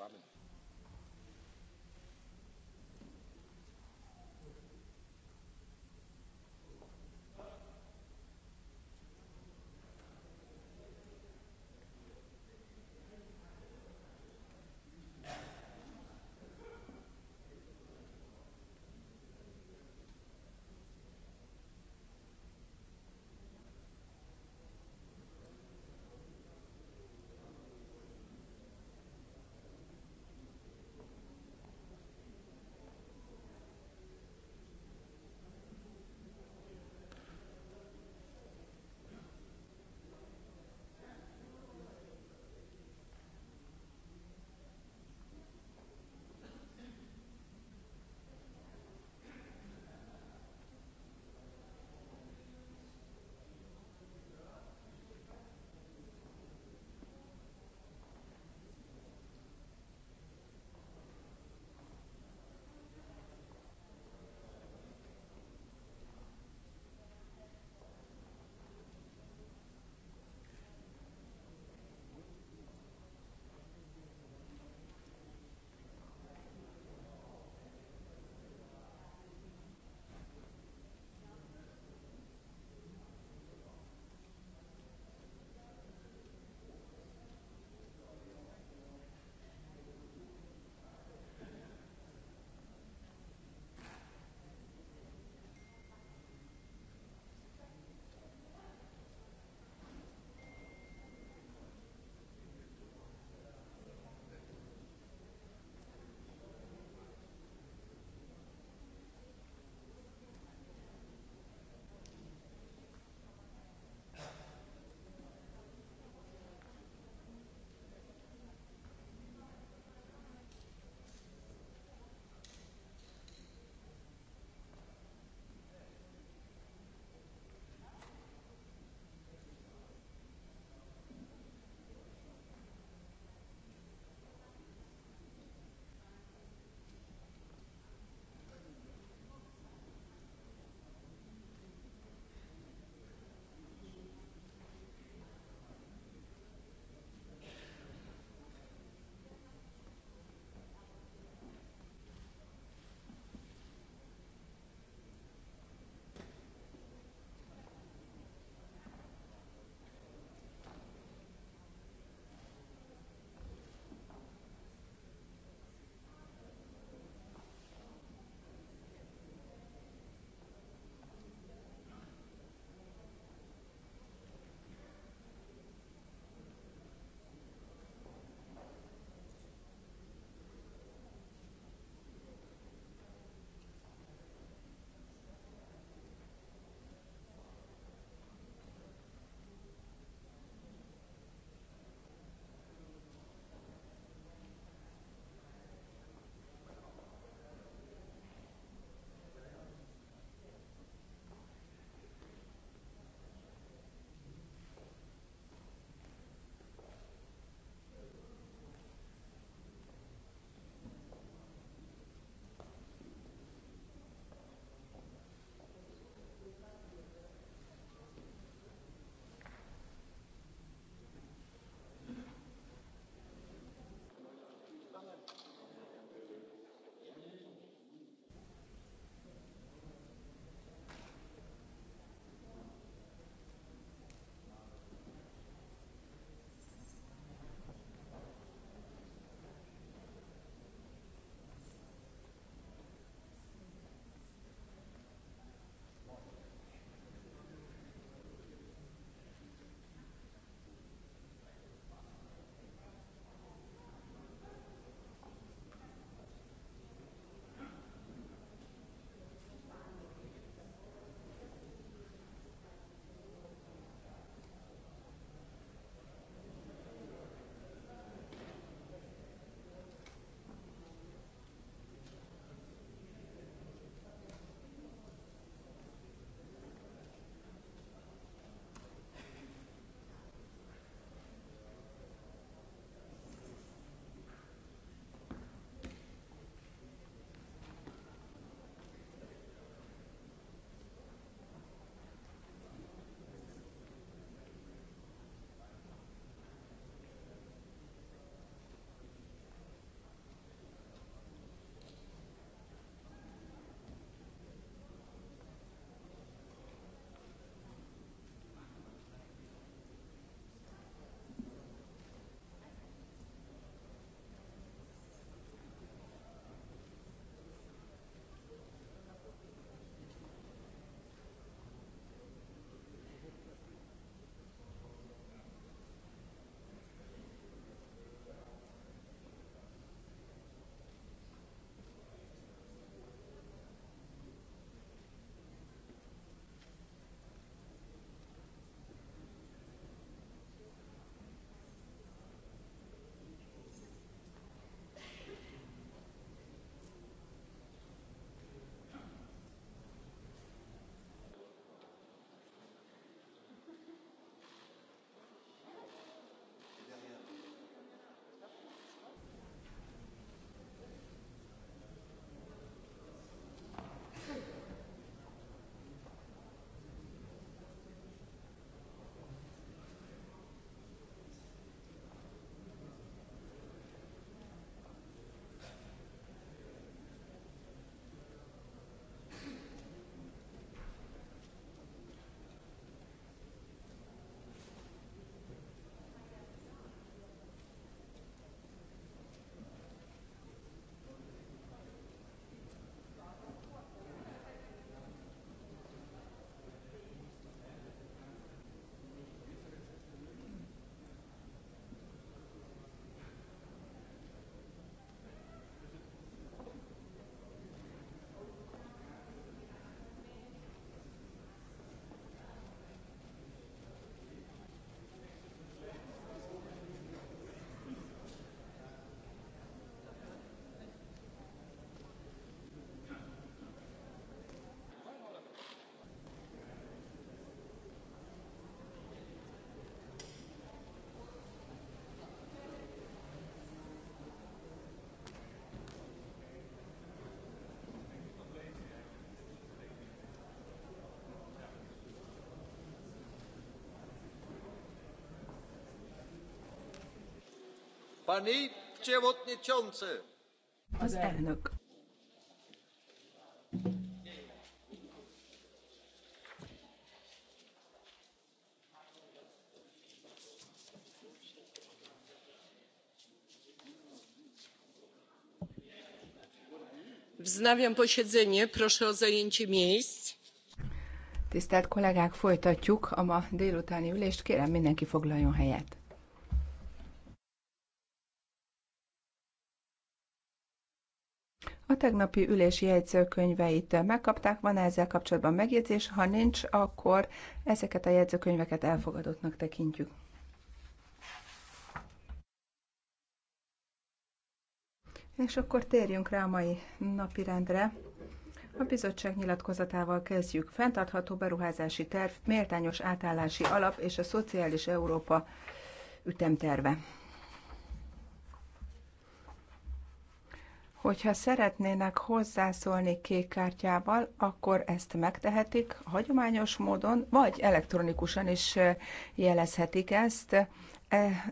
quá mình Az elnök. Wznawiam posiedzenie. Proszę o zajęcie miejsc. Tisztelt kollégák, folytatjuk a ma délutáni ülést. Kérem, mindenki foglaljon helyet. tegnapi ülési jegyzőkönyveit megkapták, van -e ezzel kapcsolatban megjegyzés? Ha nincs, akkor ezeket a jegyzőkönyveket elfogadottnak tekintjük. És akkor térjünk rá a mai napirendre. A bizottság nyilatkozatával kezdjük. Fentartható beruházási terv, méltányos átállási alap és a szociális Európa ütemterve. hogyha szeretnének hozzászólni kék kártyával, akkor ezt megtehetik hagyományos módon, vagy elektronikusan is jelezhetik ezt.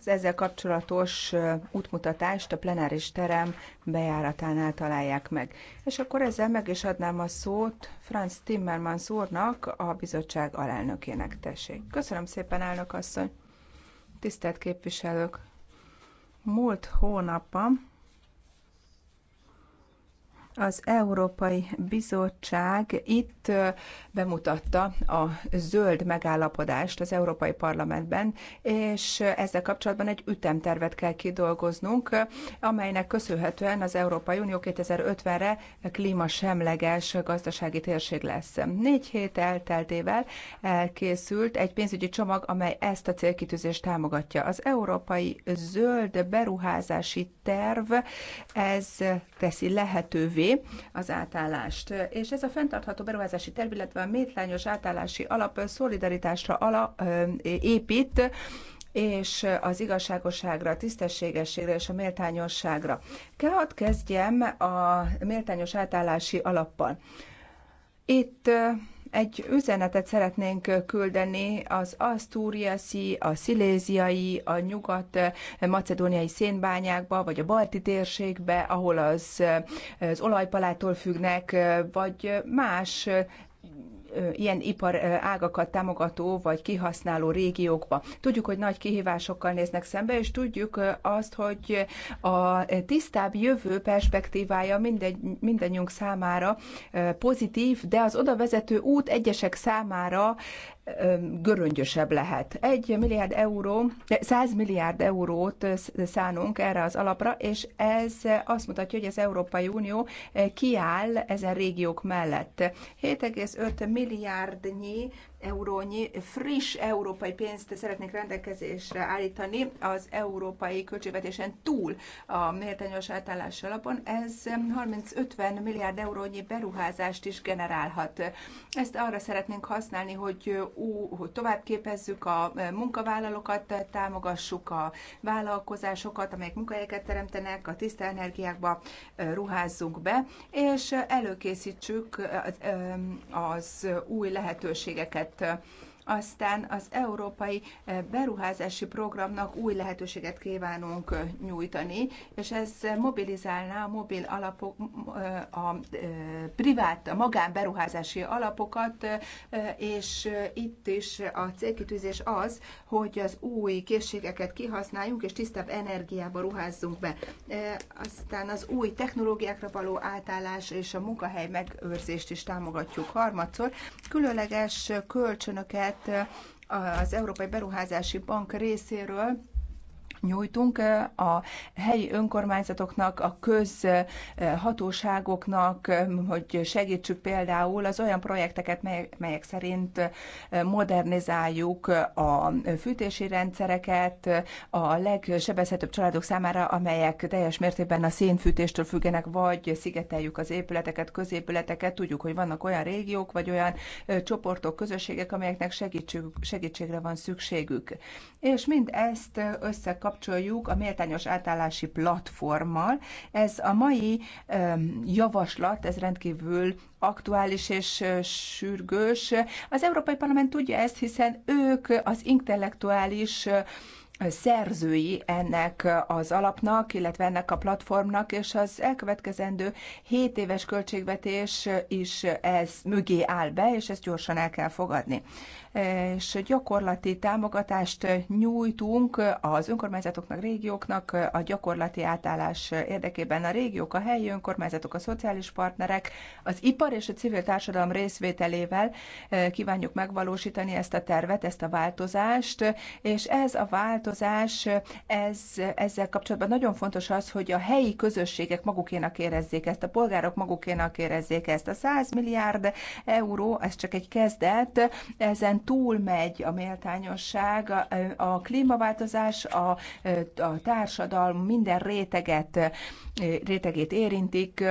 Az ezzel kapcsolatos útmutatást a plenáris terem bejáratánál találják meg. És akkor ezzel meg is adnám a szót Franz Timmermans úrnak, a bizottság alelnökének. Tessék. Köszönöm szépen, elnök asszony. Tisztelt képviselők! Múlt hónapban az Európai Bizottság itt bemutatta a zöld megállapodást az Európai Parlamentben, és ezzel kapcsolatban egy ütemtervet kell kidolgoznunk, amelynek köszönhetően az Európai Unió 2050-re klímasemleges gazdasági térség lesz. Négy hét elteltével elkészült egy pénzügyi csomag, amely ezt a célkitűzést támogatja. Az Európai Zöld Beruházási Terv ez teszi lehetővé, az átállást. És ez a fenntartható beruházási terv, illetve a méltányos átállási alap szolidaritásra ö, épít, és az igazságosságra, tisztességességre és a méltányosságra. Hadd kezdjem a méltányos átállási alappal. Itt egy üzenetet szeretnénk küldeni az asztúriaszi, a sziléziai, a nyugat-macedóniai eh, szénbányákba, vagy a balti térségbe, ahol az, eh, az olajpalától függnek, eh, vagy más ilyen ipar ágakat támogató vagy kihasználó régiókba. Tudjuk, hogy nagy kihívásokkal néznek szembe, és tudjuk azt, hogy a tisztább jövő perspektívája mindegy, mindennyiunk számára pozitív, de az oda vezető út egyesek számára göröngyösebb lehet. Egy milliárd euró, 100 milliárd eurót szánunk erre az alapra, és ez azt mutatja, hogy az Európai Unió eh, kiáll ezen régiók mellett. 7,5 milliárdnyi eurónyi friss európai pénzt szeretnék rendelkezésre állítani az európai költségvetésen túl a méltányos átállás alapon. Ez 30-50 milliárd eurónyi beruházást is generálhat. Ezt arra szeretnénk használni, hogy, ú, hogy tovább képezzük a munkavállalókat, támogassuk a vállalkozásokat, amelyek munkahelyeket teremtenek, a tiszta energiákba ruházzunk be, és előkészítsük az új lehetőségeket lehet aztán az Európai eh, Beruházási Programnak új lehetőséget kívánunk eh, nyújtani, és ez mobilizálná a mobil alapok, eh, a privát, a magánberuházási alapokat, és itt is a célkitűzés az, hogy az új készségeket kihasználjunk, és tisztább energiába ruházzunk be. Aztán az új technológiákra való átállás és a munkahely megőrzést is támogatjuk harmadszor. Különleges kölcsönöket az Európai Beruházási Bank részéről nyújtunk a helyi önkormányzatoknak, a közhatóságoknak, hogy segítsük például az olyan projekteket, melyek szerint modernizáljuk a fűtési rendszereket, a legsebezhetőbb családok számára, amelyek teljes mértékben a szénfűtéstől függenek, vagy szigeteljük az épületeket, középületeket. Tudjuk, hogy vannak olyan régiók, vagy olyan csoportok, közösségek, amelyeknek segítségre van szükségük. És mind ezt összekapcsoljuk kapcsoljuk a méltányos átállási platformmal. Ez a mai javaslat, ez rendkívül aktuális és sürgős. Az Európai Parlament tudja ezt, hiszen ők az intellektuális szerzői ennek az alapnak, illetve ennek a platformnak, és az elkövetkezendő 7 éves költségvetés is ez mögé áll be, és ezt gyorsan el kell fogadni. És gyakorlati támogatást nyújtunk az önkormányzatoknak, régióknak a gyakorlati átállás érdekében. A régiók, a helyi önkormányzatok, a szociális partnerek, az ipar és a civil társadalom részvételével eh, kívánjuk megvalósítani ezt a tervet, ezt a változást, és ez a változás változás, ez, ezzel kapcsolatban nagyon fontos az, hogy a helyi közösségek magukénak érezzék ezt, a polgárok magukénak érezzék ezt. A 100 milliárd euró, ez csak egy kezdet, ezen túl megy a méltányosság, a, a klímaváltozás, a, a társadalom minden réteget, rétegét érintik,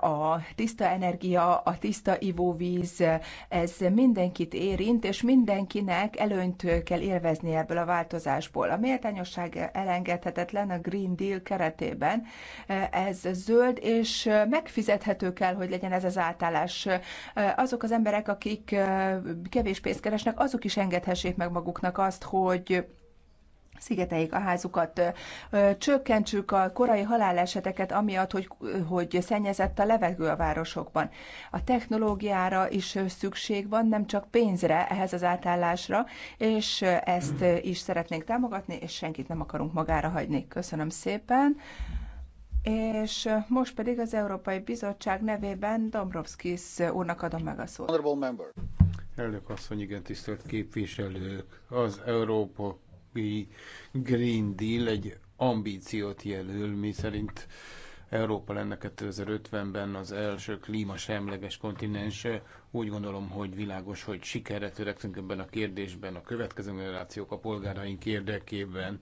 a tiszta energia, a tiszta ivóvíz, ez mindenkit érint, és mindenkinek előnyt kell élvezni ebből a változásból ahol a méltányosság elengedhetetlen a Green Deal keretében. Ez zöld és megfizethető kell, hogy legyen ez az átállás. Azok az emberek, akik kevés pénzt keresnek, azok is engedhessék meg maguknak azt, hogy szigeteljék a házukat, csökkentsük a korai haláleseteket, amiatt, hogy, hogy szennyezett a levegő a városokban. A technológiára is szükség van, nem csak pénzre ehhez az átállásra, és ezt is szeretnénk támogatni, és senkit nem akarunk magára hagyni. Köszönöm szépen. És most pedig az Európai Bizottság nevében Dombrovskis úrnak adom meg a szót. Elnök asszony, igen, tisztelt képviselők, az Európa Green Deal egy ambíciót jelöl, mi szerint Európa lenne 2050-ben az első klímasemleges kontinens. Úgy gondolom, hogy világos, hogy sikerre törekszünk ebben a kérdésben, a következő generációk, a polgáraink érdekében.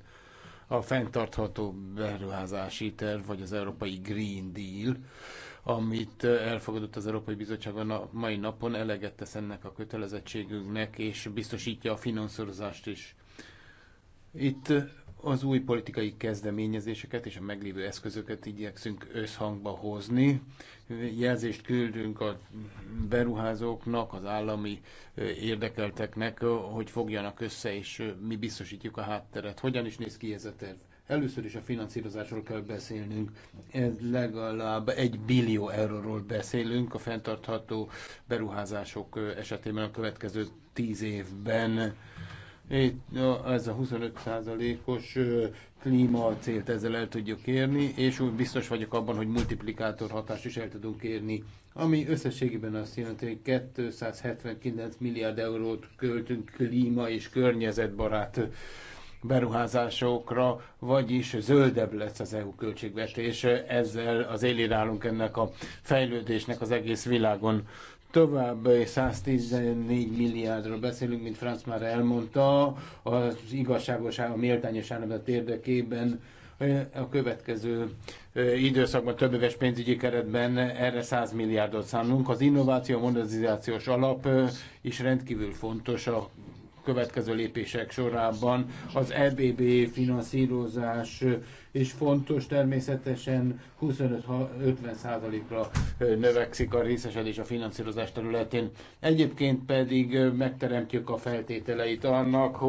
A fenntartható beruházási terv, vagy az Európai Green Deal, amit elfogadott az Európai Bizottság a mai napon, eleget tesz ennek a kötelezettségünknek, és biztosítja a finanszírozást is itt az új politikai kezdeményezéseket és a meglévő eszközöket igyekszünk összhangba hozni. Jelzést küldünk a beruházóknak, az állami érdekelteknek, hogy fogjanak össze, és mi biztosítjuk a hátteret. Hogyan is néz ki ez a terv? Először is a finanszírozásról kell beszélnünk. Ez legalább egy billió euróról beszélünk a fenntartható beruházások esetében a következő tíz évben. Itt ez a 25%-os klíma célt ezzel el tudjuk érni, és úgy biztos vagyok abban, hogy multiplikátor hatást is el tudunk érni, ami összességében azt jelenti, hogy 279 milliárd eurót költünk klíma és környezetbarát beruházásokra, vagyis zöldebb lesz az EU költségvetés. Ezzel az élén állunk ennek a fejlődésnek az egész világon. Tovább 114 milliárdról beszélünk, mint Franz már elmondta, az igazságos, a méltányos állapodat érdekében a következő időszakban, több éves pénzügyi keretben erre 100 milliárdot számlunk. Az innováció, a modernizációs alap is rendkívül fontos a következő lépések sorában. Az EBB finanszírozás és fontos természetesen 25-50%-ra növekszik a részesedés a finanszírozás területén. Egyébként pedig megteremtjük a feltételeit annak,